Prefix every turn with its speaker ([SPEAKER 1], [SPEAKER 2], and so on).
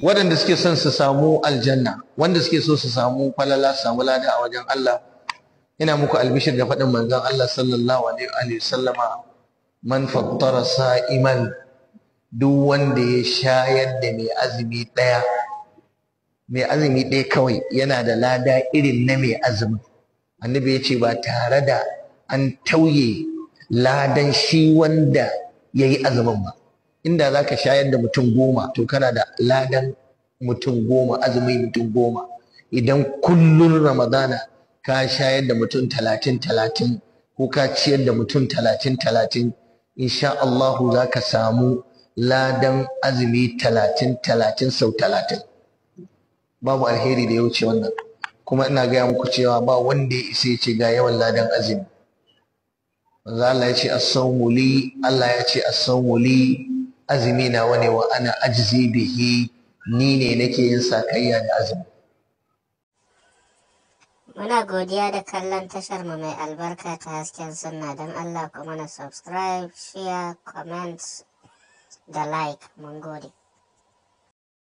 [SPEAKER 1] waɗanda suke son su samu aljanna wanda suke so su samu falala samu lada a wajen Allah ina muku albishir da faɗin manzon Allah sallallahu alaihi sallama
[SPEAKER 2] man fattara sa'iman duk wanda ya shayar da mai azumi ɗaya mai azumi ɗaya kawai yana da lada irin na mai azumi annabi ya ce ba tare da an tauye ladan shi wanda ya yi azumin ba inda za ka shayar da mutum goma to kana da ladan mutum goma azumin mutum goma idan kullum ramadana ka shayar da mutum talatin talatin ko ka ciyar da mutum talatin talatin insha Allahu za ka samu ladan azumi talatin talatin sau talatin babu alheri da ya wuce wannan kuma ina gaya muku cewa ba wanda ya isa ya ce ga yawan ladan azumi manzo Allah ya ce as-sawmu li Allah ya ce as-sawmu li azumi na wani wa ana ajzi bihi ni ne nake yin sakayya da azumi
[SPEAKER 3] Muna godiya da kallon tashar mu mai albarka ta hasken sunna don Allah kuma na subscribe, share, comment da like. Mun gode.